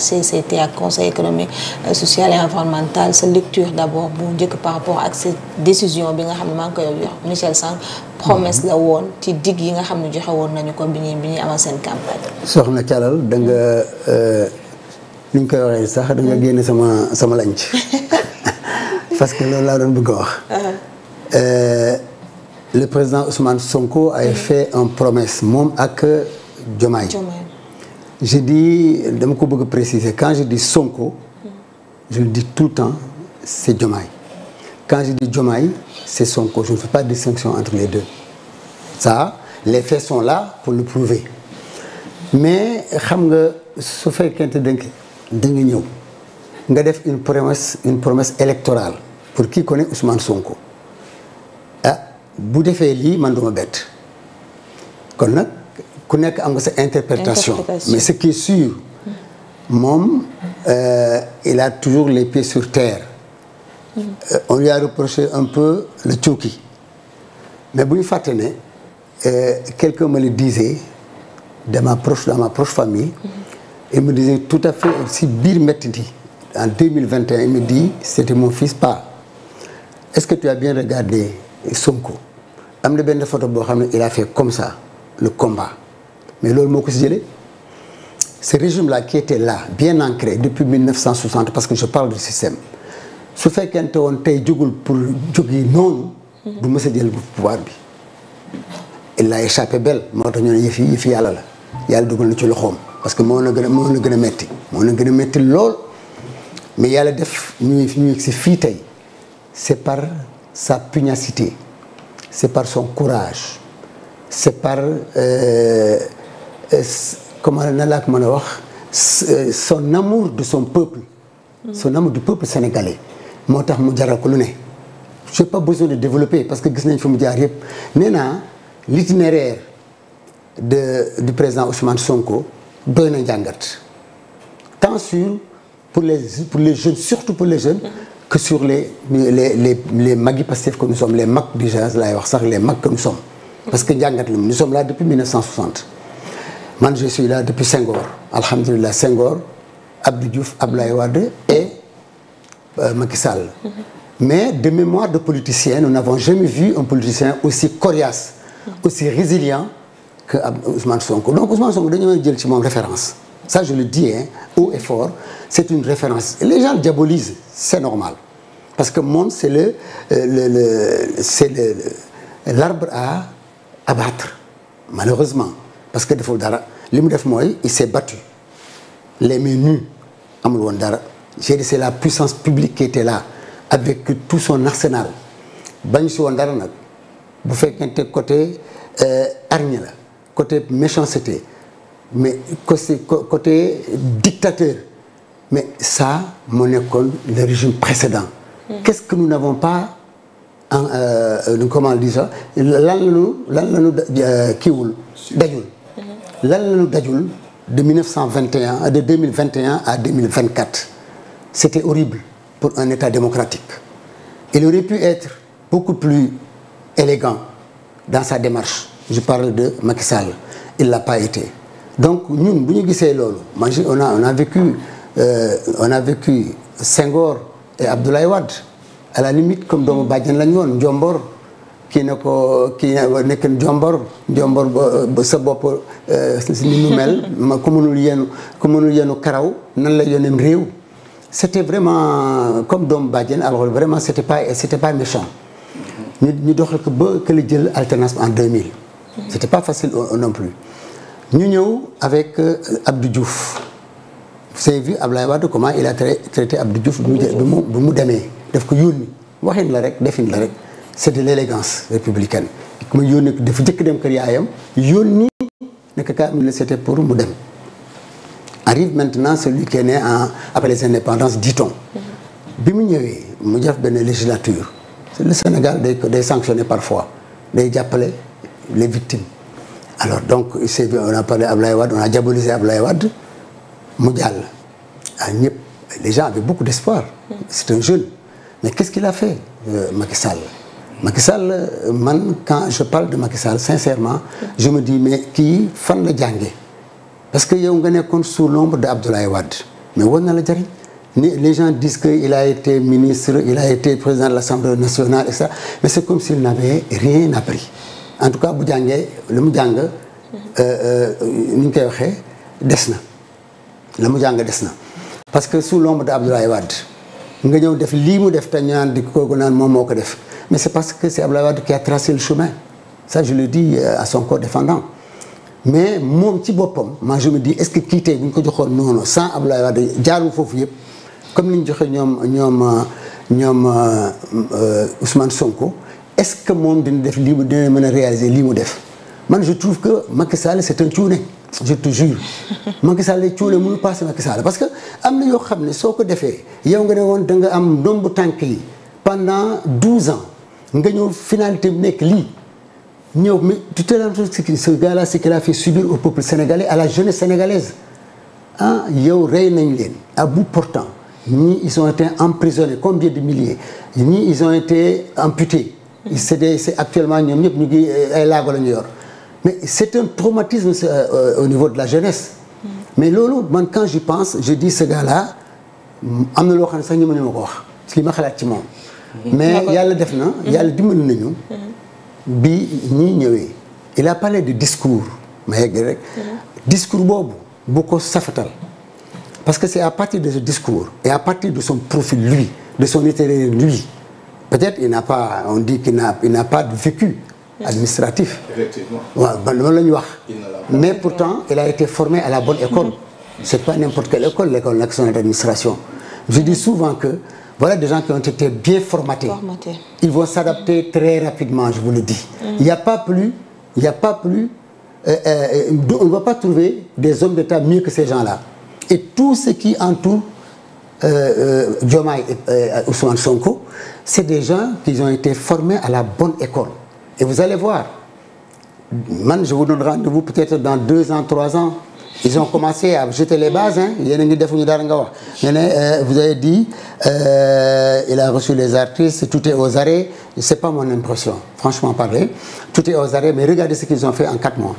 HCCT ak conseil économique euh, social et environnemental sa lecture d'abord bu njëkk par rapport ak cette décision bi nga xam ne maa ngi koy wax Michel Sang promesse la woon ci dig yi nga xam ne joxe woon nañu ko bi ñuy bi ñuy amal seen campagne. soxna Calal da nga euh, ni koy waxee sax da nga mm-hmm. génne sama sama lanc parce que loolu laa doon bëgg a wax. Uh-huh. Euh, le président Ousmane Sonko ay mm-hmm. fait un promesse moom ak Diomaye. je dis dama ko bëgg a préciser quand je dis Sonko je le dis tout le temps c'est Diomaye quand je dis Diomaye c'est Sonko je ne fais pas de distinction entre les deux ça les faits sont là pour le prouver mais xam nga su fekkente dënk da nga ñëw nga def une promesse une promesse électorale pour qui connaît Ousmane Sonko ah bu defee lii man duma bett kon nag ku nekk am nga sa interprétation mais ce qui est sûr moom euh, il a toujours les pieds sur terre euh, on lui a reproché un peu le cooki mais bu ñu fàtte ne euh, quelqu'un me le disait dans ma proche dans ma proche famille il me disait tout à fait aussi biir métti di en 2021 il me dit c'était mon fils pas est-ce que tu as bien regardé Sonko am na benn foto boo xam ne il a fait comme ça le combat mais loolu moo ko si jële ce régime-là qui était là bien ancré depuis 1960 parce que je parle du système su fekkente woon tey jógul pour jóg yi noonu. du mës a jël pouvoir bi. il l'a échappé belle moo tax ñu ne yëfi yëfi yàlla la yàlla dugal na ci loxoom parce que moo na gën a gën a metti moo na gën a metti lool mais yàlla def ñu ñu si fii tey c'est par sa pugnacité c'est par son courage c'est par. Euh, comment na laa ko mën a wax euh, son amour de son peuple mm. son amour du sénégalais moo tax mu jaral ko lu ne j'ai pas besoin de développer parce que gis nañ fi mu jaar yëpp nee naa l'itinéraire de du président Ousmane Sonko doy na njàngat tant sur pour les pour les jeunes surtout pour les jeunes mm-hmm. que sur les les les les mag yi Pastef les mag déjà laay wax sax les mag que nous sommes parce que njàngat la nous sommes là depuis man je suis là depuis Senghor alhamdulilah Senghor Abdou Diouf Abdoulaye Wade et euh, Macky Sall. Mm -hmm. mais de mémoire de politicien nous n'avons jamais vu un politicien aussi coriace. Mm -hmm. aussi résilient que Ousmane Sonko donc Ousmane Sonko dañu mën jël ci moom référence. ça je le dis hein haut et fort c'est une référence les gens le diabolisent c'est normal parce que moom c'est le euh, le le c'est le l'arbre à abattre malheureusement parce que deful dara. li mu def mooy il s'est battu les mains nues amul woon dara j'ai dit c'est la puissance publique qui était là avec tout son arsenal bañ si woon dara nag bu fekkente côté hargne euh, la côté méchanceté mais côté dictateur mais ça moo nekkoon le régime précédent hmm. qu'est-ce que nous n'avons pas en euh, comment lu dit ça lan lañu lan euh, kiiwul dajul lan la ñu dajul de 1921 euh, de 2021 à 2024 c'était horrible pour un État démocratique il aurait pu être beaucoup plus élégant dans sa démarche je parle de Macky Sall il l'a pas été donc ñun bu ñu gisee loolu man on a on a vécu euh, a vécu Senghor et Abdoulaye Wade à la limite comme doomu bàjjen la ñu woon Ndiombor kii na ko kii nekk jombor jombor ba sa bopp eh, ni mu mel ma ku mënul yenu ku karaw nan la yonem réew c'était vraiment comme doomu bàjjen alors vraiment c'était pas c'était pas méchant ñu ñu doxal ko ba que jël alternance en 2000 c'était pas facile non plus ñu ñëw avec euh, Abdou Diouf vous avez vu Ablaye Wade comment il a traité Abdou Diouf bi mu mu demee def ko yónni waxin la rek defin la rek c'est de légance républicaine ma yónni dafa jëkk dem kër yaayam yónni nekk kaa am mu dem arrive maintenant celui qui est né en après bi mu ñëwee mu def benn législature le Sénégal day day sanctionné parfois day jàppale les victimes donc c'est on a parlé Ablaye Wade on a mu jàll ñëpp les gens avaient beaucoup d'espoir un jeune mais qu'est-ce qu'il a fait euh, Sall Macky Sall man quand je parle de Macky Sall sincèrement je me di mais kii fan la jànge parce que yow nga nekkoon sous l'ombre de Abdoulaye Wade mais war na la jariñ ni les gens disent que il a été ministre il a été président de l'Assemblée nationale et ça mais c'est comme s'il n'avait rien appris en tout cas bu jàngee lu mu jàng euh, euh, ni koy waxee des na mu jàng des na parce que sous l'ombre de Abdoulaye Wade nga ñëw def lii mu def te ñu naan di kooku naan moom moo ko def Mais c'est parce que c'est Abdelawad qui a tracé le chemin. Ça, je le dis euh, à son corps défendant. mais moom ci boppam man je me dis est-ce que kii tey bu ñu ko joxoon noonu san Abdoulaye Wade jaarul foofu yëpp comme ni ñu joxee ñoom ñoom euh, ñoom euh, Ousmane Sonko est-ce que moom dina def lii mu dina mën lii mu def man je trouve que Macky Sall c'est un cuune je te jure Macky Sall lay cuune mënu parce que am na yoo xam ne soo ko defee yow nga ne woon da nga am ndombu tànk yi pendant douze ans nga ñëw finalité bi nekk lii ñëw mais tu te rends compte ce gars là ce qu'il a la jeunesse sénégalaise ah yow rey nañ leen à bout portant ñii ils ont été emprisonnés combien de milliers ñii ils ont été amputés c'est des c'est actuellement ñoom ñëpp ñu ngi euh, ay la ñu yor mais c'est un traumatisme euh, euh, au niveau de la jeunesse mais loolu man quand j'y pense je dis ce gars là am na loo xam ne sax ñu ma ko wax li ma xalaat ci moom mais yàlla def na mm-hmm. yàlla dimbali nañu mm-hmm. bi ñuy ñëwee il a parlé de discours ma yegg rek mm-hmm. discours boobu bu ko safatal parce que c'est à partir de ce discours et à partir de son profil lui de son intérêt lui peut-être il n'a pas on dit n'a il n'a pas de vécu administratif waaw man loolu la ñu wax mais pourtant il a été formé à la bonne école c'est pas n'importe quelle école l'école nationale d'administration je dis souvent que Voilà des gens qui ont été bien formatés. formatés. Ils vont s'adapter très rapidement, je vous le dis. Mm. Il n'y a pas plus, il n'y a pas plus, euh, euh, on ne va pas trouver des hommes d'État mieux que ces gens-là. Et tout ce qui entoure euh, euh Diomaye et euh, Ousmane Sonko, c'est des gens qui ont été formés à la bonne école. Et vous allez voir, man, je vous donne rendez-vous peut-être dans deux ans, trois ans, ils ont commencé à jeter les bases hein yéen a ngi dara nga wax nga ne euh, vous avez dit euh, il a reçu les artistes tout est aux arrêts c'est pas mon impression franchement parler tout est aux arrêts mais regardez ce qu'ils ont fait en quatre mois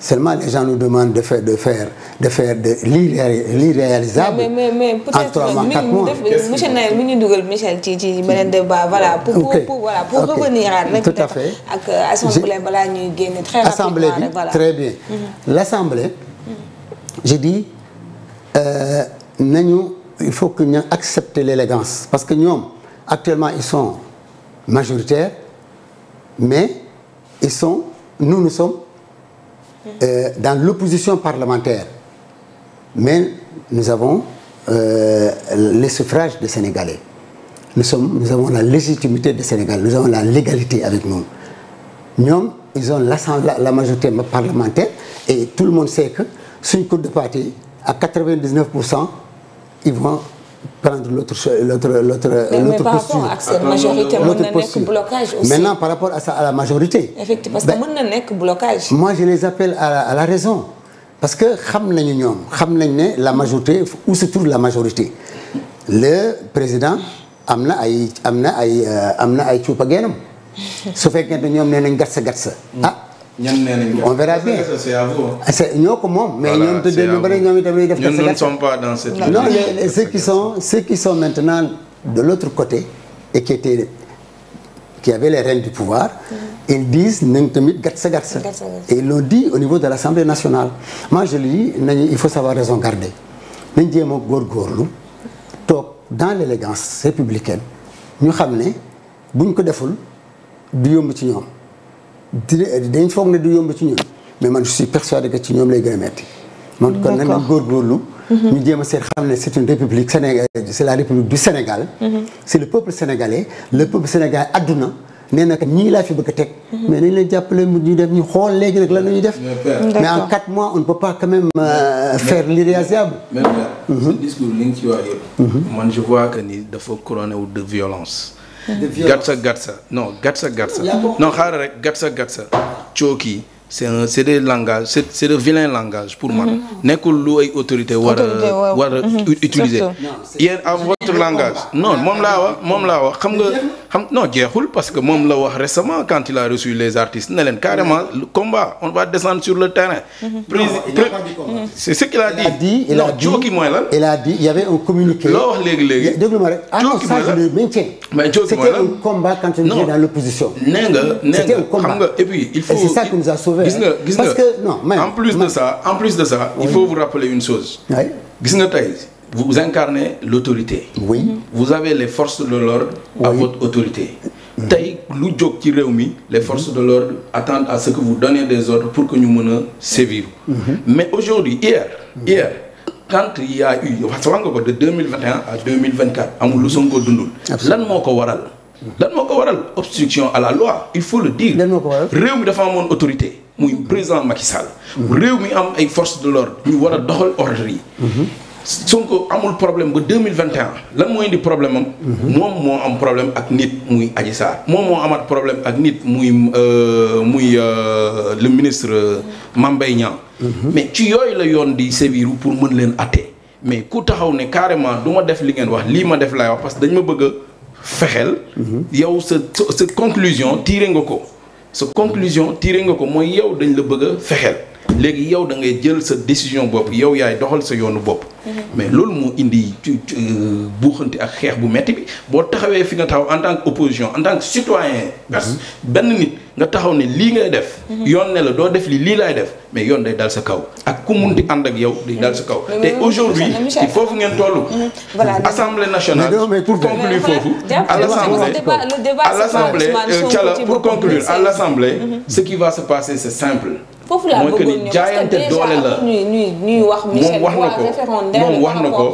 seulement les gens nous demandent de faire de faire de faire de l'irréalisable. mais mais peut-être euh, Michel ci ci beneen débat voilà. pour pour voilà pour revenir à. tout à fait très bien mhm. l'assemblée. je dis euh, nañu il faut que ñu accepter l'élégance parce que ñoom actuellement ils sont majoritaires mais ils sont nous nous sommes euh, dans l'opposition parlementaire mais nous avons euh, le suffrage des Sénégalais nous sommes nous avons la légitimité des Sénégalais nous avons la légalité avec nous ñoom ils ont l'assemblée la majorité parlementaire et tout le monde sait que suñ contrepartie à 99 pour i ils vont prendre l'autre l'autre l'autre l'autre posture mais par rapport ak seen majorité mën na par rapport à ça à la majorité. effectivement parce que mën na nekk je les appelle à la raison parce que xam nañu ñoom xam nañ ne la majorité ou se trouve la majorité le président am na ay am na ay euh, am na ay cuupa geenam su fekkee ne ñoom ne nañ gatsa gatsa mm. ah. ñan nee nañ on verra bien c'est à vous. Ah, c'est ñoo ko moom. mais ñoom tëddee ñu def. ñun nous les ceux qui sont ceux qui sont maintenant de l'autre côté et qui étaient qui avaient les rênes du pouvoir. Mm-hmm. ils disent nañ tamit gatsa gatsa. et ils l'ont au niveau de l'Assemblée nationale. moi je le dis nañu il faut savoir raison garder nañ jéem góor góorlu toog dans l'élégance républicaine ñu xam ne buñ ko deful du yomb ci ñoom. dina dañ foog ne du yomb ci ñun mais man je suis persuadé que ci ñoom lay gën a metti man kon nag nañ góorgóorlu mhm. ñu jéem a seet xam ne c'est une république sénégal c'est la république du Sénégal mhm. c'est le peuple sénégalais le peuple sénégalais adduna nee na kat ñii laa fi bëgg a teg mhm. mais nañ leen jàppale mu ñu def ñu xool léegi nag la ñuy def mais en quatre mois on ne peut pas quand même euh, faire li nga que ni dafa couronné wu de gatsa gatsa non gatsa gatsa non xaaral rek gatsa gatsa cooki c'est un c'est des langages c'est c'est de vilain langage pour man mm-hmm. nekkul lu ay autorité war a war a mm-hmm. notre langage non moom laa wax moom laa wax xam nga xam non jeexul parce que moom la wax récemment quand il a reçu les artistes ne carrément le combat on va descendre sur le terrain mhm. c'est ce qu'il a dit non cooki mooy lan il a dit il y avait un communiqué loo wax léegi léegi déglu ma rek cooki ah, mooy lan mais a mooy lan c'était un combat quand on était dans l'opposition nee nga nee nga xam nga et puis il nous a sauvés parce que non en plus de ça il faut vous rappeler une chose gis nga tey vous incarnez l'autorité. oui vous avez les forces de l'ordre a votre autorité. tey lu jóg ci réew mi les forces de l'ordre attendent à ce que vous donnez des ordres pour que ñu mën a sévir. Mhm. mais aujourd'hui hier. Mhm. hier quand il y a wax nga ko de deux mille vingt et mille vingt quatre amul lu Sonko dundul. lan moo ko waral. Mhm. lan moo ko waral obstruction à la loi il faut le dire. lan moo ko waral réew mi dafa amoon autorité muy président Macky Sall. réew mi am ay force de l'ordre ñu war a doxal ordre yi. Sonko amul problème ba deux mille vingt et lan moo indi problème mhm. moom moo am problème ak nit muy Adji Sarr. moom moo amaat problème ak nit muy euh, muy euh, le ministre euh, Mame Mbaye mhm. mais ci yooyu la yoon di séviru pour mën leen atte mais ku taxaw ne carrément du ma def li ngeen wax lii ma def laay wax parce que dañ ma bëgg fexeel. Mhm. yow sa sa conclusion tiré nga ko. sa conclusion tiire nga ko mooy yow dañ la bëgg a fexeel. léegi yow da ngay jël sa décision bopp yow yaay doxal sa yoonu bopp. Mm-hmm. mais loolu moo indi euh, buuxante ak xeex bu metti bi boo taxawee fi nga taxaw en tant que opposition en tant que citoyen. Mm-hmm. benn nit. nga taxaw ne lii ngay def. yoon ne la doo def lii lii laay def mais yoon day dal sa kaw ak ku mun di ànd ak yow day dal sa kaw. Mm-hmm. te aujourd'hui mm-hmm. foofu ngeen toll. Mm-hmm. voilà assemblée nationale. mais pour foofu. Euh, à l'assemblée Thiala pour conclure à l'assemblée ce qui va se passer c'est simple. foofu laa bëggoon ñëw parce que déjà ñuy ñuy wax. Michel moom wax na ko moom wax na ko.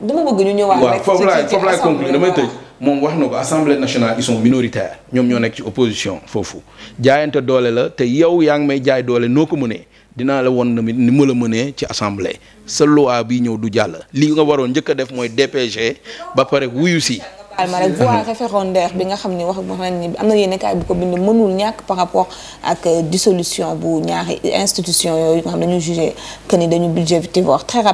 dama bëgg ñu ñëwaat rek. ci ci foofu laay foofu laay conclure damay tëj. moom wax na ko assemblée nationale ils sont minoritaires ñoom ñoo nekk ci opposition foofu jaayante doole la te yow yaa ngi may jaay doole noo ko mënee dinaa la won tamit ni ma la mënee ci assemblée sa loi bi ñëw du jàll li nga waroon njëkk a def mooy DPG ba pare wuyu si. alma rek voie référendaire bi nga xam ni wax nañ ni am na yenn kaay bu ko bind mënul ñàkk par rapport ak euh, dissolution bu ñaari institution yooyu nga xam ne dañu jugé que ni dañu budgétivore très